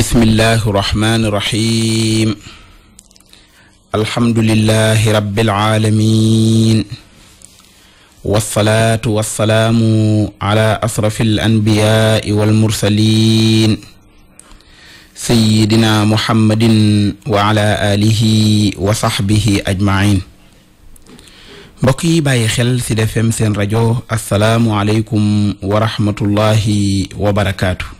bismillahi irrahmani irrahim alhamdulilahi rabiilalamin walsalaatu walsalaamu ala asrafi alanbiyaai walmursalin sayidina muhammadin wa ala alihi wa saxbihi ajmain mbokk yi bàyyi xel ci Sud FM seen rajo asalaamualeykum wa rahmatullahi wa barakaatu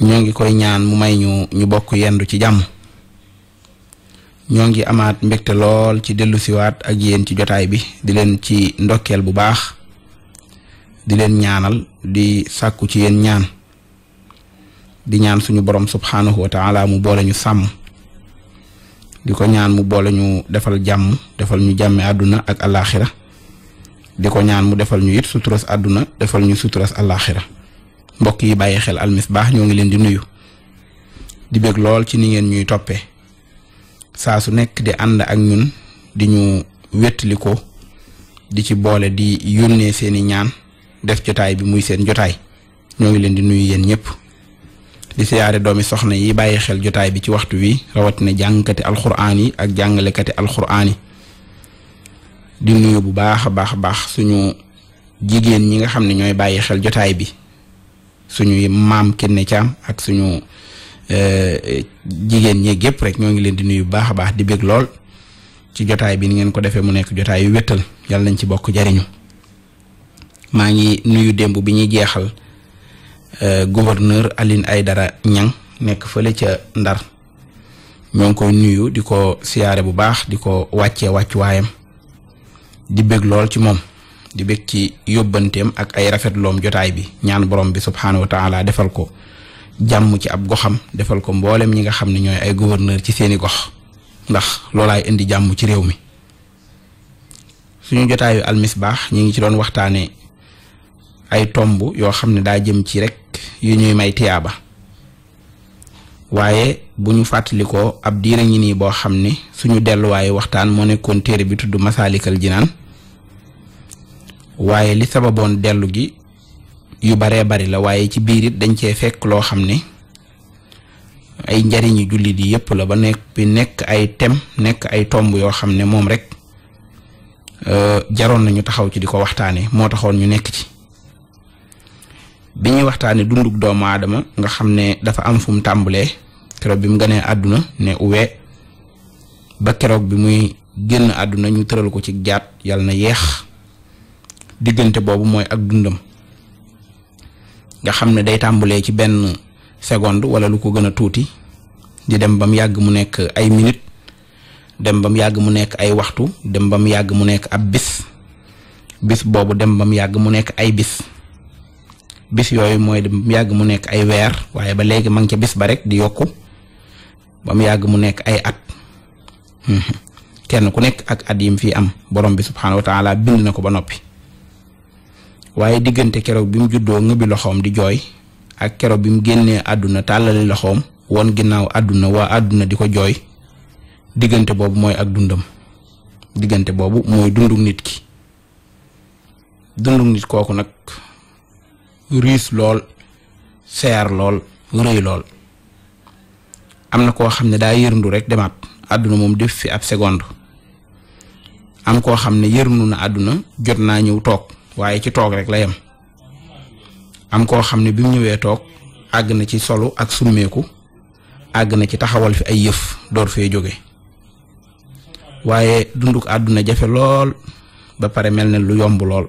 ñoo ngi koy ñaan mu may ñu ñu bokk yendu ci jàmm ñoo ngi amaat mbekte lool ci dellusiwaat ak yéen ci jotaay bi di leen ci ndokkeel bu baax di leen ñaanal di sàkku ci yéen ñaan di ñaan suñu borom subhaanahu wa taala mu boole ñu sàmm di ko ñaan mu boole ñu defal jàmm defal ñu jàmme àdduna ak alaaxira di ko ñaan mu defal ñu it suturas àdduna defal ñu suturees alaaxira mbokk yi bàyyi xel baax ñoo ngi leen di nuyu di bég lool ci ni ngeen ñuy toppee saa su nekk di ànd ak ñun di ñu wétali di ci boole di yónnee seeni ñaan def jotaay bi muy seen jotaay ñoo ngi leen di nuyu yéen ñëpp di siyaare doomi soxna yi bàyyi xel jotaay bi ci waxtu wi rawatina jàngkati alxuraan yi ak jàngalekati alxuraan yi di nuyu bu baax a baax a baax suñu jigéen ñi nga xam ne ñooy bàyyi xel jotaay bi suñuy maam kenn caam ak suñu eh, jigéen ñeeg gépp rek ñoo ngi leen di nuyu bu baax a baax di bég lool ci jotaay bi ni ngeen ko defee mu nekk jotaay yu wéttal yàlla nañ ci bokk jariñu maa ngi nuyu démb bi ñuy jeexal eh, gouverneur Aline dara Niang nekk fële ca Ndar ñoo ngi koy nuyu di ko siyaare bu baax di ko wàccee wàccuwaayam di bég lool ci moom di bég ci yóbbanteem ak ay rafetloom jotaay bi ñaan borom bi subhaanahu wa taala defal ko jàmm ci ab goxam defal ko mboolem ñi nga xam ne ñooy ay gouverneur ci seeni gox ndax loolaay indi jàmm ci réew mi suñu jotaayu almisbaax ñi ngi ci doon waxtaane ay tomb yoo xam ne daa jëm ci rek yu ñuy may tiyaaba waaye bu ñu fàttalikoo ab diira ñi nii boo xam ne suñu delluwaayu waxtaan moo nekkoon téere bi tudd masaalikal jinaan waaye li sababoon dellu gi yu baree bari la waaye ci biir it dañ cee fekk loo xam ne ay njariñu julli di yëpp la ba nekk bi nekk ay tem nekk ay tomb yoo xam ne moom rek euh, jaroon nañu taxaw ci di ko waxtaane moo taxoon ñu nekk ci bi ñuy waxtaane dundug doomu aadama nga xam ne dafa am fu mu tàmbalee keroog bi mu gënee àdduna ne uwe ba bi muy génn àdduna ñu tëral ko ci jaat yal na yeex diggante boobu mooy ag dundam nga xam ne day tàmbulee ci benn seconde wala lu ko gën a tuuti di dem ba mu yàgg mu nekk ay minute dem ba mu yàgg mu nekk ay waxtu dem ba mu yàgg mu nekk ab bis bis boobu dem ba mu yàgg mu nekk ay bis bis yooyu mooy dem ba mu yàgg mu nekk ay weer waaye ba léegi ma ngi ca bis ba rek di yokku ba mu yàgg mu nekk ay at kenn ku nekk ak at yim fi am borom bi subxanahu wa taala bind na ko ba noppi. waaye diggante keroog bi mu juddoo ngëbi loxoom di jooy ak keroog bi mu génnee àdduna tàllale loxoom woon ginnaaw àdduna waa àdduna di ko jooy diggante boobu mooy ak dundam diggante boobu mooy dundu nit ki dundu nit kooku nag riis lool seer lool rëy lool am na koo xam ne daa yërndu rek demaat àdduna moom def fi ab segond am koo xam ne yërndu na àdduna jot naa ñëw toog waaye ci toog rek la yem am koo xam ne bi mu ñëwee toog àgg na ci solo ak summeeku àgg na ci taxawal fi ay yëf door fee jóge waaye dunduk àdduna jafe lool ba pare mel ne lu yomb lool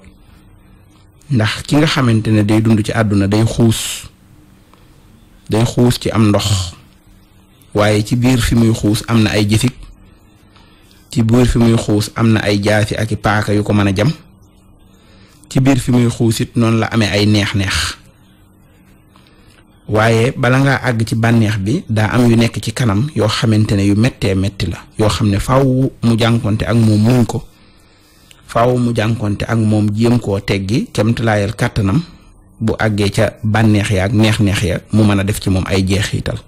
ndax ki nga xamante ne day dund ci àdduna day xuus day xuus ci am ndox waaye ci biir fi muy xuus am na ay jëfik ci biir fi muy xuus am na ay jaasi ak i paaka yu ko mën a jam ci biir fi muy xuusit noonu la amee ay neex-neex waaye bala nga àgg ci bànneex bi daa am yu nekk ci kanam yoo xamante ne yu mettee metti la yoo xam ne faaw mu jànkonte ak moom mu jànkonte ak moom jéem koo teggi kemtalaayal kàttanam bu àggee ca bànneex ya ak neex-neex ya mu mën a def ci moom ay jeexital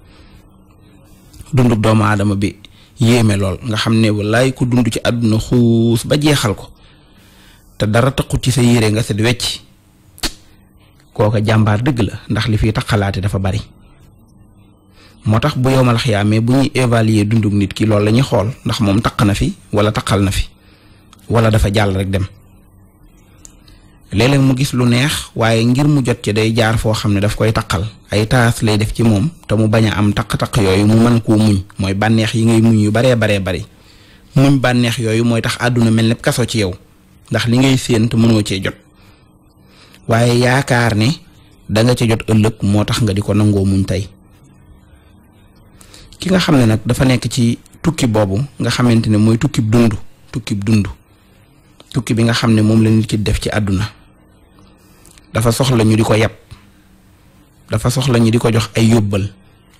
dundu doomu aadama bi yéeme lool nga xam ne wallaay ku dund ci àdduna xuus ba jeexal ko dara taqut ci sa yére nga set wecc kooka jàmbaar dëgg la ndax li fi fiy taxalaate dafa bari moo tax bu yowmal xiyaamee bu ñuy évaluer dundug nit ki lool lañuy xool ndax moom taq na fi wala taqal na fi wala dafa jàll rek dem léeg mu gis lu neex waaye ngir mu jot ci day jaar foo xam ne daf koy taqal ay taas lay def ci moom te mu bañ a am taq-taq yooyu mu mën koo muñ mooy bànneex yi ngay muñ yu baree baree bari muñ bànneex yooyu mooy tax àdduna mel ne kaso ci yow ndax li ngay séent mënoo cee jot waaye yaakaar ne danga nga jot ëllëg moo tax nga di ko nangoo muñ tey ki nga xam ne nag dafa nekk ci tukki boobu nga xamante ne mooy tukkib dund tukkib dund tukki bi nga xam ne moom la nit def ci àdduna dafa soxla ñu di ko yàpp dafa soxla ñu di ko jox ay yóbbal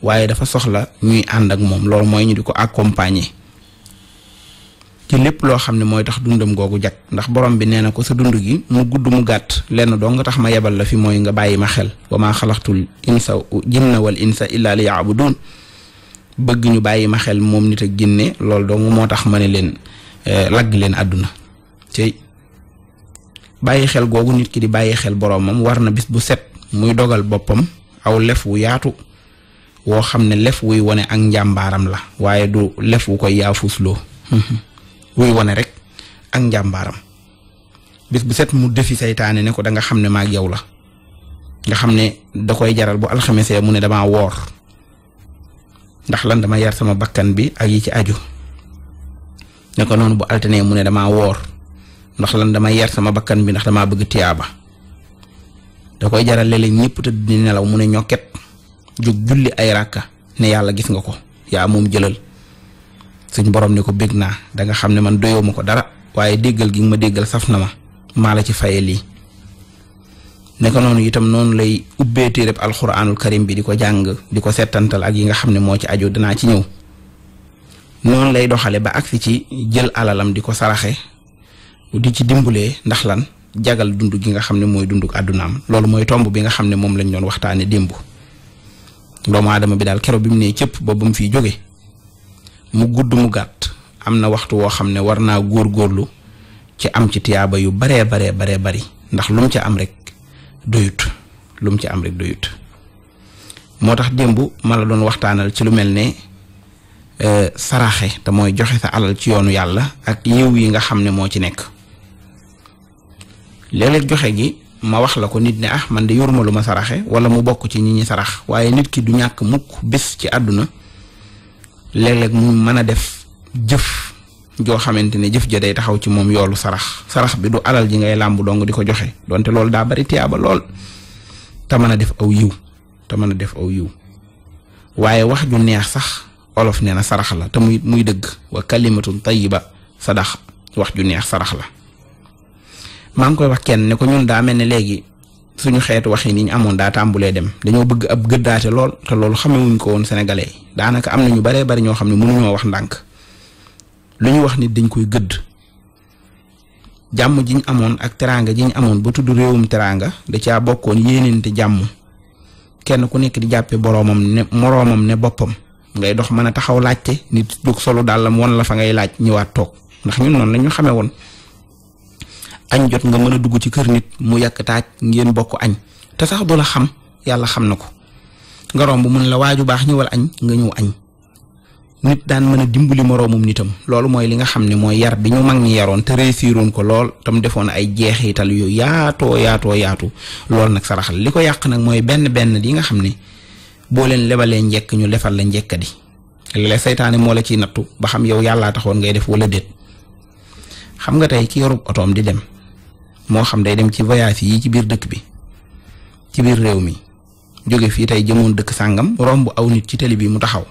waaye dafa soxla ñuy ànd ak moom loolu mooy ñu di ko accompagner ci lépp loo xam ne mooy tax dundam googu jag ndax borom bi nee na ko sa dund gi mu gudd mu gàtt lenn doo nga tax ma yebal la fi mooy nga bàyyi ma xel wa maa xalaxtul insa jinna wal insa illa li yaabudun bëgg ñu bàyyi ma xel moom nit a jinne loolu dong moo tax ma ne leen eh, lagg leen àdduna te bàyyi xel googu nit ki di bàyyi xel boromam war na bis bu set muy dogal boppam aw lef wu yaatu woo xam ne lef wuy wone ak njàmbaaram la waaye du lef wu koy wuy wane rek ak njàmbaaram bis bu set mu defi seytaane ne ko da nga xam ne maag yow la nga xam ne da koy jaral bu alxamesee mu ne damaa woor ndax lan dama yar sama bakkan bi ak ci aju ne ko noonu bu altanee mu ne damaa woor ndax lan dama yar sama bakkan bi ndax damaa bëgg tiyaaba da koy jaral léeg-léeg ñëpp tëdd di nelaw mu ne ñokket jóg julli ay ràkka ne yàlla gis nga ko yaa moom jëlal suñ borom ne ko bég naa danga xam ne man doyoo ko dara waaye déggal gi ma déggal saf na ma maa la ci fayee lii ne ko noonu itam noonu lay ubbee téereb alxuraanul karim bi di ko jàng di ko setantal ak yi nga xam ne moo ci aju danaa ci ñëw noonu lay doxale ba agsi ci jël alalam di ko saraxe di ci dimbulee ndax lan jagal dund gi nga xam ne mooy dunduk àddunaam loolu mooy tomb bi nga xam ne moom lañ doon waxtaane démb doomu aadama bi daal kero bi mu nee cëpp ba ba mu fiy jóge mu gudd mu gàtt am na waxtu woo xam ne war naa góor góorlu ci am ci tiyaaba yu baree baree baree bari ndax lu ci am rek doyut lum ci am rek doyut moo tax démb ma la doon waxtaanal ci lu mel ne e, saraxe te mooy joxe sa alal ci yoonu yàlla ak yiw yi nga xam ne moo ci nekk léeg joxe gi ma wax la ko nit ne ah man de yoruma lu ma saraxe wala mu bokk ci ñi ñi sarax waaye nit ki du ñàkk mukk bés ci àdduna léeg-léeg mu mën a def jëf joo xamante ne jëf ja day taxaw ci moom yoolu sarax sarax bi du alal ji ngay làmb dong di ko joxe donte loolu daa bari tiyaaba lool te mën a def aw yiw te mën a def aw yiw waaye wax ju neex sax olof nee na sarax la te muy muy dëgg wa kalimatun tayyiba sadax wax ju neex sarax la maa ngi koy wax kenn ne ko ñun daa mel ne léegi suñu xeetu wax yi ni ñu amoon daa tàmbulee dem dañoo bëgg ab gëddaate lool te loolu xamewuñ ko woon sénégalais yi daanaka am na ñu baree bari ñoo xam ne mënuñoo wax ndànk lu ñu wax nit dañ koy gëdd jàmm ji amoon ak teraanga jiñ amoon ba tudd réewum teraanga da caa bokkoon yéeneente jàmm kenn ku nekk di jàppee boroomam ne moroomam ne boppam ngay dox mën a taxaw laajte nit jóg solo daal la won la fa ngay laaj ñëwaat toog ndax ñun noonu la ñu xamee woon. añ jot nga mën a dugg ci kër nit mu yàkk taaj ngeen bokk añ te sax du xam yàlla xam na ko nga bu mun la waaju baax ñëwal añ nga ñëw añ nit daan mën a dimbali moroomum nitam loolu mooy li nga xam ne mooy yar bi ñu mag ñi yaroon te réussiroon ko lool tam defoon ay jeexital yu yaatoo yaatoo yaatu loolu nag saraxal li ko yàq nag mooy benn benn li nga xam ne boo leen lebalee njekk ñu defal la njekka di léeg seytaane moo la ciy nattu ba xam yow yàllaa taxoon ngay def wala déet xam nga tey ki yorub otoom di dem moo xam day dem ci voyage yi ci biir dëkk bi ci biir réew mi jóge fii tey jëmoon dëkk sàngam romb aw nit ci tali bi mu taxaw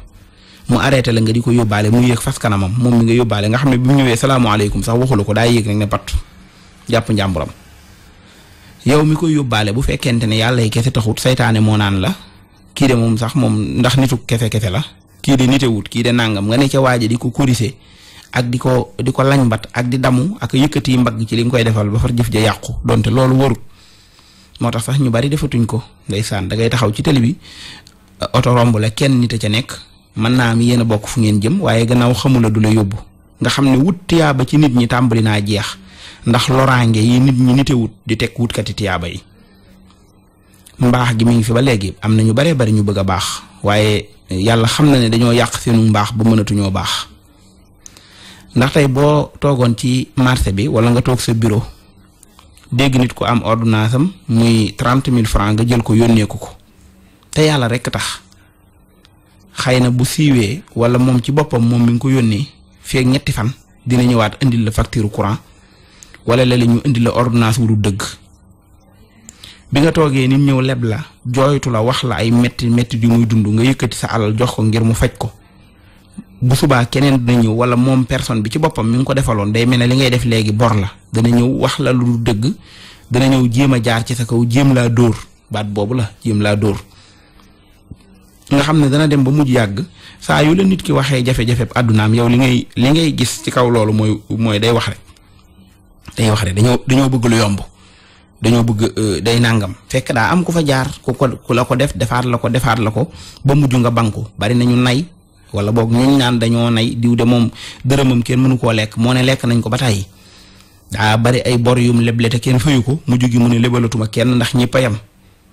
mu arrêté la nga di ko yóbbaale mu yéeg fas kanamam moom mi nga yóbbaale nga xam ne bi mu ñëwee salaamaaleykum sax waxula ko daa yéeg rek ne pat jàpp njàmburam yow mi koy yóbbaale bu fekkente ne yàlla yi kese taxut seytaane moo naan la kii de moom sax moom ndax nitu kese kese la kii de nitewut kii de nangam nga ne ca waaja di ko corriger ak di ko di ko lañ mbat ak di damu ak yëkkati mbagg ci li koy defal ba far jëf ja yàqu donte loolu warut moo tax sax ñu bari defatuñ ko ndeysaan da ngay taxaw ci télé bi euh, oto romb la kenn nit a ca nekk mën naa am yéen a bokk fu ngeen jëm waaye gannaaw xamula du la yóbbu nga xam ne wut tiyaaba ci nit ñi tàmbali naa jeex ndax loraange yi nit ñi nite wut di teg wutkati tiyaaba yi mbaax gi mi ngi fi ba léegi am na ñu baree bari ñu bëgg a baax waaye yàlla xam na ne dañoo yàq seenu mbaax ba mënatuñoo baax ndax tey boo toogoon ci marché bi wala nga toog sa bureau dégg nit ku am ordinance am muy trente mille francs nga jël ko yónneeku ko te yàlla rekk tax xëy na bu siiwee wala moom ci boppam moom mi ngi ko yónnee feeg ñetti fan dina ñëwaat indi la facture courant wala léeg ñu indil la ordinance wu du dëgg bi nga toogee ni ñëw leb la jooytu la wax la ay metti metti yu muy dund nga yëkkati sa alal jox ko ngir mu faj ko bu subaa keneen dina ñëw wala moom personne bi ci boppam mi ngi ko defaloon day mel ne li ngay def léegi bor la dana ñëw wax la lu dëgg dana ñëw jéem a jaar ci sa kaw jéem laa dóor baat boobu la jéem laa dóor nga xam ne dana dem ba mujj yàgg saa yu la nit ki waxee jafe-jafe àddunaam yow li ngay li ngay gis ci kaw loolu mooy mooy day wax rek day wax rek dañoo dañoo bëgg lu yomb dañoo bëgg euh, day nàngam fekk daa am ku fa jaar ku ko ku la ko def defaat la ko defaat la ko ba mujj nga banku bari nañu nay wala boog ñooñu naan dañoo nay diw de moom dërëmam kenn mënu koo lekk moo ne lekk nañ ko ba tàyyi daa bari ay bor yum leble te kenn fayu ko mu jugi mu ne lebalatuma kenn ndax ñi yam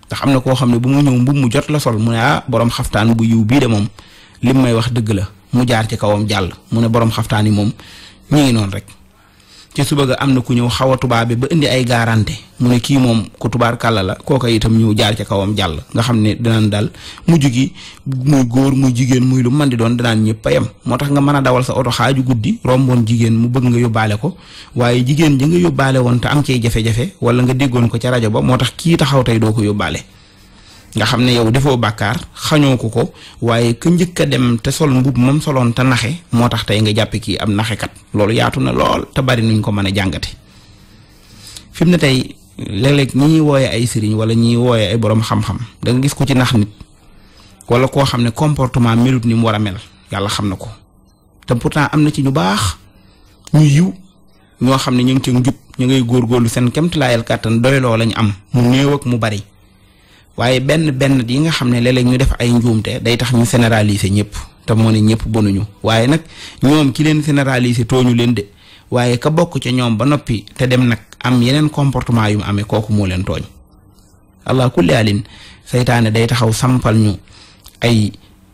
ndax am na koo xam ne bu mu ñëw mbubb mu jot la sol mu ne ah borom xaftaan bu yiw bii de moom lim may wax dëgg la mu jaar ci kawam jàll mu ne borom xaftaan yi moom ñu ngi noonu rek. ca suba ga am na ku ñëw xaw a tubaabe ba indi ay gaarante mu ne kii moom ko tubaar kàlla la kooka itam ñëw jaar ca kawam jàll nga xam ne dinañ dal mujj gi muy góor muy jigéen muy lu man di doon dinaan ñëpp a moo tax nga mën a dawal sa oto xaaju guddi romboon jigéen mu bëgg nga yóbbaale ko waaye jigéen ja yóbbaale woon te am cee jafe-jafe wala nga déggoon ko ca rajo ba moo tax kii taxaw tey doo ko yóbbaale nga xam ne yow defoo bàkkaar xañoo ko ko waaye ku njëkk dem te sol mbub moom soloon te naxe moo tax tey nga jàppe kii am naxekat loolu yaatu na lool te bari nuñ ko mën a jàngate fi ne tey léeg-léeg ñi ñuy ay sëriñ wala ñi wooye ay boroom xam-xam da gis ko ci nax nit wala koo xam ne comportement melut ni mu war a mel yàlla xam na ko te pourtant am na ci ñu baax ñu yiw ñoo xam ne ñu ngi ci njub ñu góor góorgóorlu seen kemtilaayal kàttan doyloo lañ am mu néew ak mu bari waaye benn benn yi nga xam ne léeg ñu def ay njuumte day tax ñu généraliser ñëpp te moo ne ñëpp bonuñu waaye nag ñoom ki leen généraliser tooñu leen de waaye ka bokk ca ñoom ba noppi te dem nag am yeneen comportement yu mu amee kooku moo leen tooñ allah kulli alin seytaane day taxaw sampal ñu ay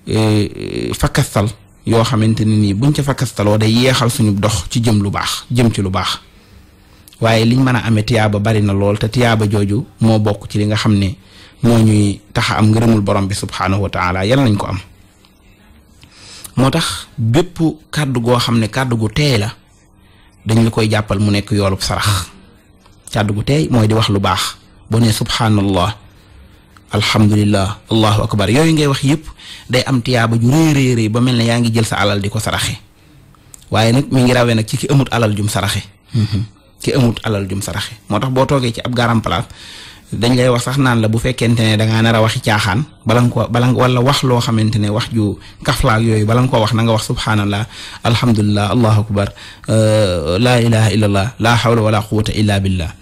e, e, fakastal yoo xamante ne nii buñ ca fakastaloo day yeexal suñu dox ci jëm lu baax jëm ci lu baax waaye liñ mën a amee tiyaaba bari na lool te tiyaaba jooju moo bokk ci li nga xam ne moo ñuy tax am ngërëmul borom bi subhaanahu wa taala yal nañ ko am moo tax bépp kàddu goo xam ne kàddu gu teey la dañ la koy jàppal mu nekk yoolub sarax kàddu gu teey mooy di wax lu baax boo nee subhaanallah alhamdulillah allahu akbar yooyu ngay wax yëpp day am tiyaaba ju rëy rëy rëy ba mel ne yaa ngi jël sa alal di ko saraxe waaye nag mi ngi rawee nag ci ki amut alal jum saraxe mm-hmm. ki amut alal jum saraxe moo tax boo toogee ci ab garam place dañ lay wax sax naan la bu fekkente ne dangaa nar a waxi caaxaan bala ko bala wala wax loo xamante ne wax ju kaflaak yooyu bala nga ko wax na nga wax subhaanallah alhamdulillah allahu akbar euh, laa ilaha illallah laa hawla wala quwata illa billah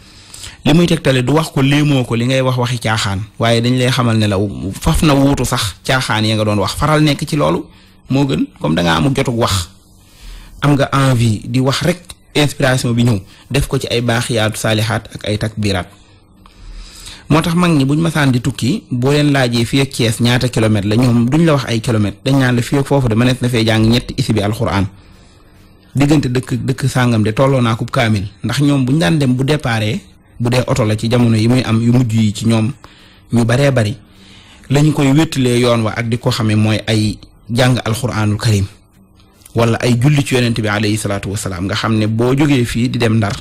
li muy tegtale du wax ko léemoo ko li ngay wax waxi caaxaan waaye dañ lay xamal ne la faf na wuutu sax caaxaan ya nga doon wax faral nekk ci loolu moo gën comme dangaa amul jotug wax am nga envi di wax rek inspiration bi ñëw def ko ci ay baaxiyaatu saalihaat ak ay takbiraat moo tax mag ñi buñ masaan di tukki boo leen laajee fii ak ñaata kilomètres la ñoom duñ la wax ay kilomètres dañ naan la fii ak foofu de mënees na fee jàng ñetti isi bi alxuraan diggante dëkk dëkk sàngam de tolloo naa ko kaamil ndax ñoom buñ daan dem bu déparé bu dee oto la ci jamono yi muy am yu mujj yi ci ñoom ñu baree bari lañ koy wéttalee yoon wa ak di ko xamee mooy ay jàng alxuraanul karim wala ay julli ci yonent bi alayhi salaatu wasalaam nga xam ne boo jógee fii di dem ndar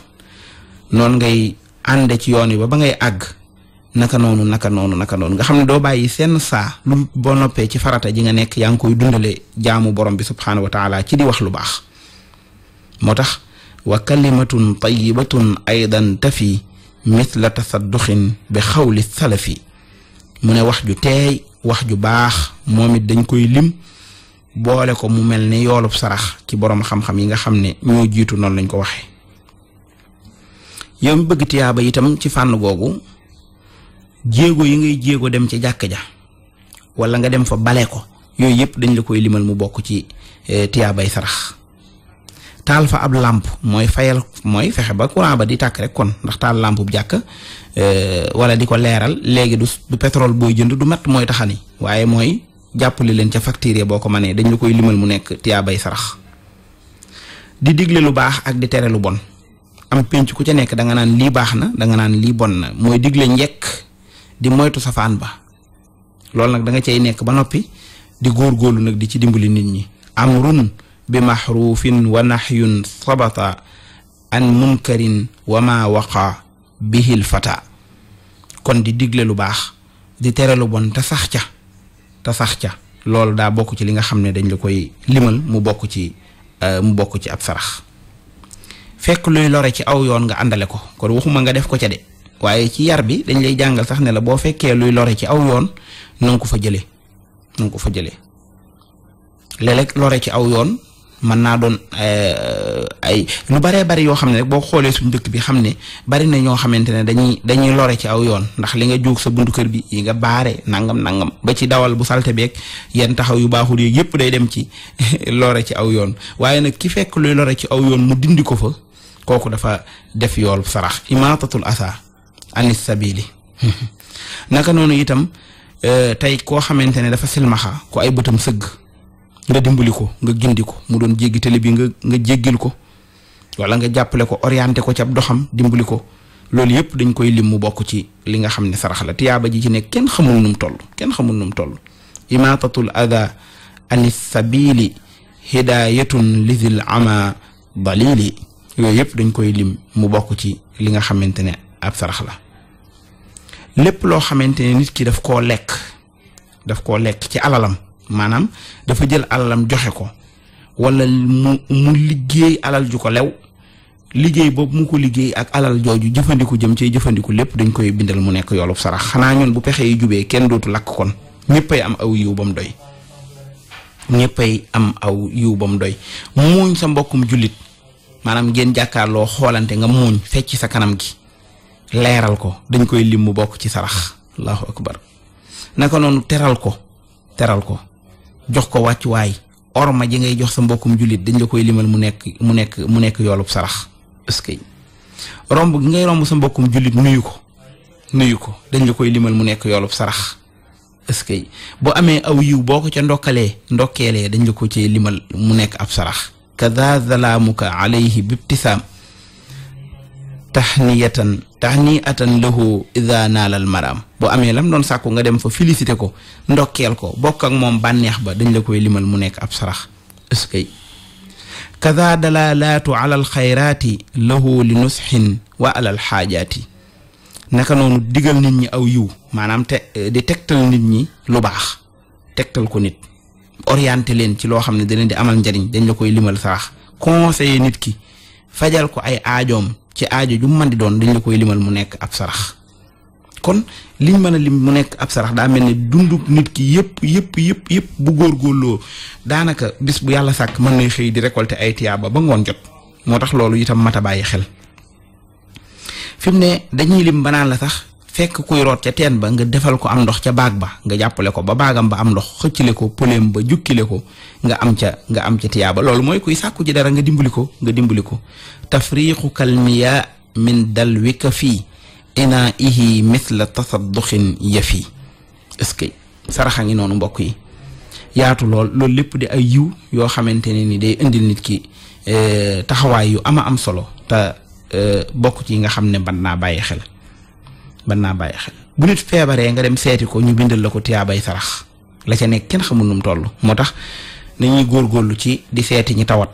noonu ngay ànde ci yoon wi ba ba ngay àgg naka noonu naka noonu naka noonu nga xam ne doo bàyyi seen saa lu boo noppee ci farata ji nga nekk yaa ngi koy dundale jaamu boroom bi subhaanahu wa taala ci di wax lu baax moo tax wa kalimatun tayibatun aydan tafi mithla tasadduxin bi xawli salafi mu ne wax ju teey wax ju baax moom it dañ koy lim boole ko mu mel ne yoolub sarax ci boroom xam-xam yi nga xam ne ñoo jiitu noonu lañ ko waxee yow mi bëgg tiyaaba itam ci fànn googu jéego yi ngay jéego dem ci jàkk ja wala nga dem fa bale ko yooyu yëpp dañ la koy limal mu bokk ci eh, tiyaabay sarax taal fa ab làmp mooy fayal mooy fexe ba courant ba di tàkk rek kon ndax taal làmp bu jàkk eh, wala di ko leeral léegi du du pétrole booy jënd du mat mooy taxani waaye mooy jàppale leen ca facture boo ko manee dañ la koy limal mu nekk tiyaabay sarax di digle lu baax ak di tere lu bon am pénc ku ca nekk da nga naan lii baax na danga nga naan lii bon mooy digle njekk di moytu safaan ba loolu nag da nga cay nekk ba noppi di góor góorlu nag di ci dimbali nit ñi amrun bi maxruufin wa naxyun sabata an munkarin wa ma waqa bihil fata kon di digle lu baax di tere lu bon te sax ca te sax ca loolu daa bokk ci li nga xam ne dañ la koy limal mu bokk ci euh, mu bokk ci ab sarax fekk luy lore ci aw yoon nga àndale ko kon waxuma nga def ko ca de waaye ci yar bi dañ lay jàngal sax ne la boo fekkee luy lore ci aw yoon na ko fa jëlee na ko fa jëlee léeg-léeg ci aw yoon mën naa doon eh, ay lu baree bari yoo xam ne boo xoolee suñu dëkk bi xam ne bari na ñoo xamante ne dañuy dañuy lore ci aw yoon ndax li nga jóg sa buntu kër bi nga baare nangam nangam ba ci dawal bu salte beeg yenn taxaw yu baaxul yooyu yëpp day dem ci lore ci aw yoon waaye nag ki fekk luy lore ci aw yoon mu dindi ko fa kooku dafa def yool sarax imaatatul asa anis sabili naka noonu itam euh, tey koo xamante ne dafa silmaxa ko ay bëtam sëgg nga dimbali ko nga gindi ko mu doon jéggi télé bi nga nga jéggil ko wala nga jàppale ko orienté ko ca doxam dimbali ko loolu yëpp dañ koy lim mu bokk ci li nga xam ne sarax la tiyaaba ji ci kenn xamul num toll kenn xamul num toll imaatatul ada anis sabili hidayatun lizil ama dalili yooyu yëpp dañ koy lim mu bokk ci li nga xamante ne ab sarax la lépp loo xamante ne nit ki daf koo lekk daf koo lekk ci alalam maanaam dafa jël alalam joxe ko wala mu mu liggéey alal ju ko lew liggéey boobu mu ko liggéey ak alal jooju jëfandiku jëm ci jëfandiku lépp dañ koy bindal mu nekk yoolub sarax xanaa ñun bu pexe yi jubee kenn dootu lakk kon ñëppay am aw yiw bam doy ñëppay am aw yiw bam doy muuñ sa mbokkum jullit maanaam ngeen jàkkaarloo xoolante nga muuñ fecc sa kanam gi leeral ko dañ koy lim mu bokk ci sarax allahu akbar naka noonu teral ko teral ko jox ko wàccuwaay orma ji ngay jox sa mbokkum julit dañ la koy limal mu nekk mu nekk mu nekk yoolub sarax est que romb gi sa mbokkum jullit nuyu ko nuyu ko dañ la koy limal mu nekk yoolub sarax est-ce que boo amee aw yiw boo ko ca ndokkalee ndokkeelee dañ la ko cee limal mu nekk ab sarax kada ka alayhi bibtisaam taxniyatan taxniyatan lahu ida naalal maraam boo amee lam doon sàkku nga dem fa félicité ko ndokkeel ko bokk ak moom bànneex ba dañ la koy limal mu nekk ab sarax ëskay kada dalalaatu ala alxayraati lahu li nusxin wa ala alxaajaati naka noonu digal nit ñi aw yiw maanaam te di tegtal nit ñi lu baax tegtal ko nit orienté leen ci loo xam ne da di amal njariñ dañ la koy limal sarax ko nit ki fajal ko ay aajoom ci aajo ju man di doon dañ la koy limal mu nekk ab sarax kon liñ mën a lim mu nekk ab sarax daa mel ne dundu nit ki yëpp yëpp yëpp yëpp bu góorgóorloo daanaka bis bu yàlla sàkk man nay xëy di récolter ay tiyaaba ba ngoon jot moo tax loolu itam mat a bàyyi xel fi ne dañuy lim banaan la sax fekk kuy root ca teen ba nga defal ko am ndox ca baag ba nga jàppale ko ba baagam ba am ndox xëccile ko pëleem ba jukkile ko nga am ca nga am ca tiyaaba loolu mooy kuy sàkku ci dara nga dimbali ko nga dimbali ko tafriqu kalmiya min dalwika fii ina ihi mithla tasadduxin yafi est-ce que saraxa ngi noonu mbokk yi yaatu lool loolu lépp di ay yiw yoo xamante ne ni de indil nit ki eh, taxawaay yu ama am solo te eh, bokk ci nga xam ne ban naa bàyyi xel mën naa bàyyi xel bu nit feebaree nga dem seeti ko ñu bindal la ko tiyaabay sarax la ca nekk kenn xamul num toll moo tax nañuy góorgóorlu ci di seeti ñi tawat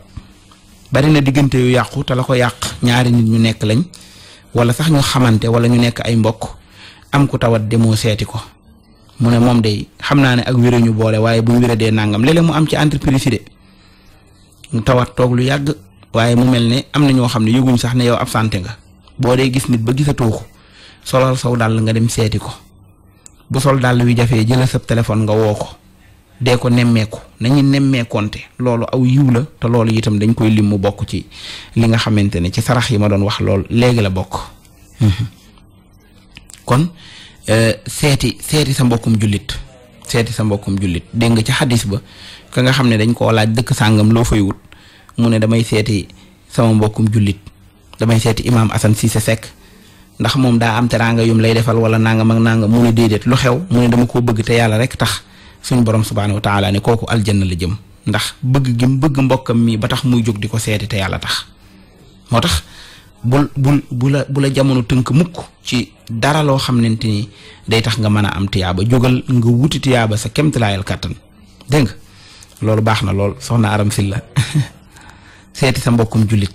bari na diggante yu yàqu la ko yàq ñaari nit ñu nekk lañ wala sax ñu xamante wala ñu nekk ay mbokk am ku tawat demoo seeti ko mu ne moom day xam naa ne ak wére ñu boole waaye bu dee nangam léeg mu am ci entreprise yi de tawat toog lu yàgg waaye mu mel ne am na ñoo xam ne yëguñ sax ne yow absenté nga boo dee gis nit ba gisatoo ko solal sow dàll nga dem seeti ko bu sol dàll wi jafee jëla sab téléphone nga woo ko dee ko nemmeeku nañu nemmeekonte loolu aw yiw la te loolu itam dañ koy lim mu bokk ci li nga xamante ne ci sarax yi ma doon wax lool léegi la bokk mhm. kon euh, seeti seeti sa mbokkum jullit seeti sa mbokkum jullit dégg nga ci xadis ba ka nga xam ne dañ koo dëkk sàngam loo fay mu ne damay seeti sama mbokkum jullit damay seeti imaam Assane Cissé Seck ndax moom daa am te teraanga yum lay defal wala nangam ak nangam mu ne déedéet lu xew mu ne dama koo bëgg te yàlla rek tax suñu borom subhaanahu wa taala ne kooku aljanna la jëm ndax bëgg gi mu bëgg mbokkam mi ba tax muy jóg di ko seeti te yàlla tax moo tax bul bul bu la bu la jamono tënk mukk ci dara loo xam xamante ni day tax nga mën a am tiyaaba jógal nga wuti tiyaaba sa kemtalaayal kàttan dégg loolu baax na lool soxna aram sil la seeti sa mbokkum jullit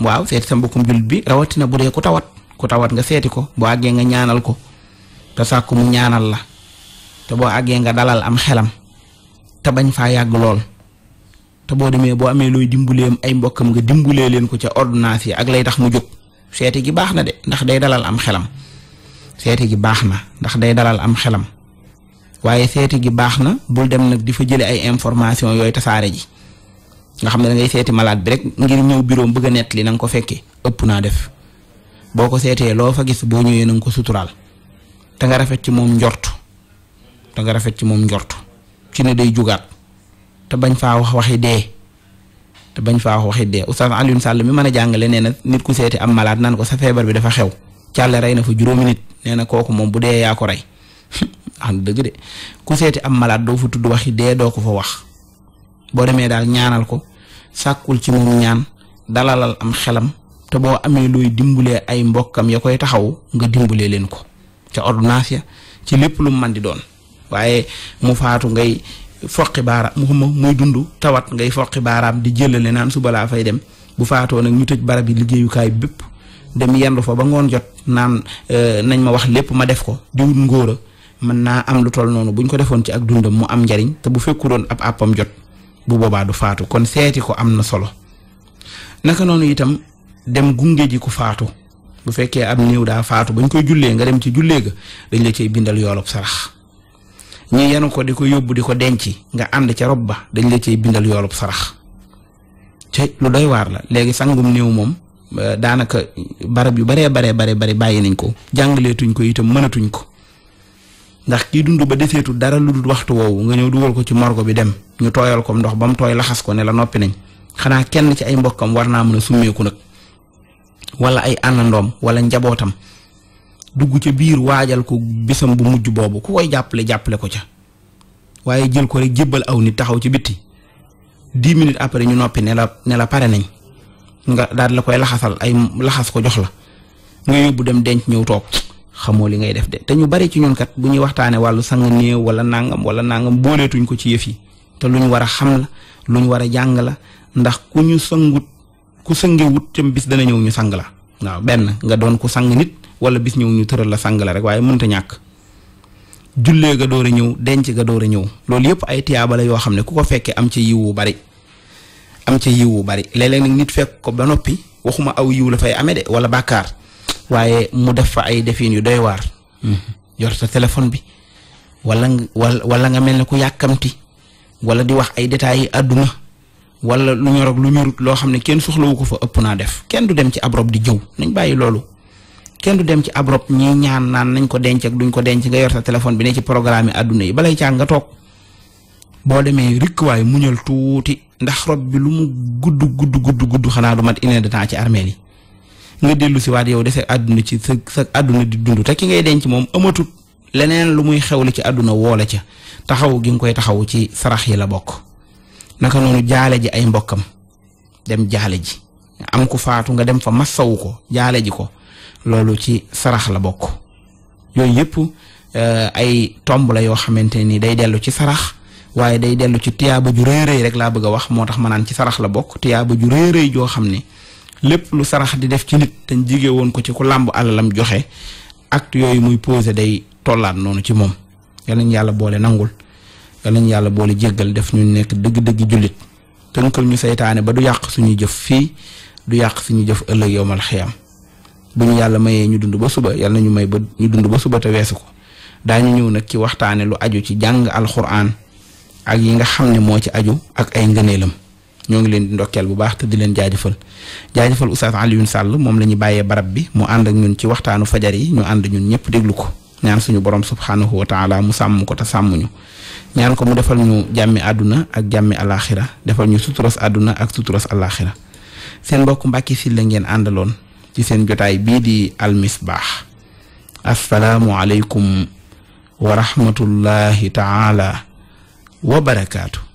waaw seeti sa mbokkum jullit bi rawatina bu dee ku tawat ku tawat nga seeti ko boo àggee nga ñaanal ko te sàkku mu ñaanal la te boo àggee nga dalal am xelam te bañ faa yàgg lool te boo demee boo amee looy dimbuleem ay mbokkam nga dimbulee leen ko ca ordonnance yi ak lay tax mu jóg seeti gi baax na de ndax day dalal am xelam seeti gi baax na ndax day dalal am xelam waaye seeti gi baax na bul dem nag di fa jële ay information yooyu tasaare ji nga xam ne da ngay seeti malade bi rek ngir ñëw bureau bëgg a nett li nga ko fekkee ëpp naa def boo ko seetee loo fa gis boo ñëwee na ko suturaal te nga rafet ci moom njort te rafet ci moom njort ci ne day jugaat te bañ faa wax waxi dee te bañ faa wax waxi dee oustaz Alioune sàll mi mën a jàngale nee na nit ku seeti am malaat naan ko sa feebar bi dafa xew càlle rey na fa juróomi nit nee na kooku moom bu dee yaa ko rey wax dëgg de ku seeti am malaat doo fa tudd waxi dee doo ko fa wax boo demee daal ñaanal ko sàkkul ci moom ñaan dalalal am xelam te boo amee looy dimbulee ay mbokkam ya koy taxaw nga dimbulee leen ko ca ordonnance ya ci lépp lu mu mën di doon waaye mu faatu ngay foqi baaraam mu xuma muy dundu tawat ngay foqi baaraam di jëlale naan suba laa fay dem bu faatoo nag ñu tëj barab yi liggéeyukaay bépp dem yendu fa ba ngoon jot naan eh, nañ ma wax lépp ma def ko di wut ngóora mën naa am lu toll noonu buñ ko defoon ci ak dundam mu am njariñ te bu fekku doon ab àppam jot bu boobaa du faatu kon seeti ko am na solo naka noonu itam dem gunge ji ku faatu bu fekkee am néew daa faatu bañ koy jullee nga dem ci jullee ga dañ la cay bindal yoolub sarax ñi yenu ko di ko yóbbu di ko denc nga ànd ca rob ba dañ la cay bindal yoolub sarax te lu doy waar la léegi sangum néew moom euh, daanaka barab yu baree baree bare bari bàyyi nañ ko jàngaleetuñ ko itam mënatuñ ko ndax kii dund ba defeetu dara lu dul waxtu woowu nga ñëw dugal ko ci morgo bi dem ñu tooyal ko ndox ba mu tooy laxas ko ne la noppi nañ xanaa kenn ci ay mbokkam war naa mën a summeeku nag ay àndandoom wala njabootam dugg ca biir waajal ko bisam bu mujj boobu ku jàppale jàppale ko ca waaye jël ko rek aw nit taxaw ci bitti dix minutes après ñu noppi ne la ne la pare nañ nga daal la koy laxasal ay laxas ko jox la nga yóbbu dem denc ñëw toog xamoo li ngay def de te ñu bari ci ñun kat bu ñuy waxtaanee wàllu sang néew wala nangam wala nangam booleetuñ ko ci yëf yi te lu ñu war a xam la lu war a jàng la ndax ku ñu sangut ku sangewut tam bis dana ñëw ñu sang la waaw benn nga doon ku sang nit wala bis ñëw ñu tëral la sang la rek waaye mënta ñàkk jullee ga door a ñëw denc ga door a ñëw loolu yëpp ay tiyaaba yoo xam ne ku ko fekkee am ci ca wu bari am ca wu bari léeg nag nit fekk ko ba noppi waxuma aw yiw la fay amee wala bàkkaar waaye mu def fa ay defin yu doy waar mm-hmm. yor sa téléphone bi wala wala nga mel ne ku yàkkamti wala di wax ay détails yi àdduna wala lu ñor ak lu ñorut loo xam ne kenn soxlawu ko fa ëpp naa def kenn du dem ci ab rob di jëw nañ bàyyi loolu kenn du dem ci ab rob ñii ñaan naan nañ ko denc ak duñ ko denc nga yor sa téléphone bi ne ci programme yi yi balay càng nga toog boo demee rikk waaye muñal tuuti ndax rob bi lu mu gudd gudd gudd gudd xanaa du mat une heure de temps ci armeel yi nga dellu si waat yow defee àdduna ci sa sa àdduna di dund te ki ngay denc moom amatut leneen lu muy xewli ci àdduna woole ca taxaw gi koy taxaw ci sarax yi la bokk naka noonu jaale ji ay mbokkam dem jaale ji am ku faatu nga dem fa massawu ko jaale ji ko loolu ci sarax la bokk yooyu yëpp euh, ay tomb la yoo xamante nii day dellu ci sarax waaye day dellu ci tiyaaba ju rëy rëy rek laa bëgg a wax moo tax ma naan ci sarax la bokk tiyaaba ju rëy joo xam ne lépp lu sarax di def ci nit te jige woon ko ci ku làmb alalam joxe acte yooyu muy posé day tollaat noonu ci moom yal nañ yàlla boole nangul yal nañ yàlla boole jéggal def ñu nekk dëgg-dëgg jullit tënkal ñu seytaane ba du yàq suñu jëf fii du yàq suñu jëf ëllëg yowmal xiyam bu ñu yàlla mayee ñu dund ba suba yal ñu may ba ñu dund ba suba te weesu ko daañu ñëw nag ci waxtaane lu aju ci jàng alxuraan ak yi nga xam ne moo ci aju ak ay ngëneelam ñoo ngi leen di ndokkeel bu baax te di leen jaajëfal jaajëfal Oustaz Alioune Sall moom la ñu bàyyee barab bi mu ànd ak ñun ci waxtaanu fajar yi ñu ànd ñun ñëpp déglu ko ñaan suñu borom subhaanahu wa taala mu sàmmu ko te sàmmuñu ñaan ko mu defal ñu jàmmi àdduna ak jàmmi alaxira defal ñu suturos àdduna ak suturos alaxira seen mbokk Mbàkke si la ngeen àndaloon ci seen jotaay bii di almisbaax asalaamualeykum wa rahmatullahi taala wa barakaatu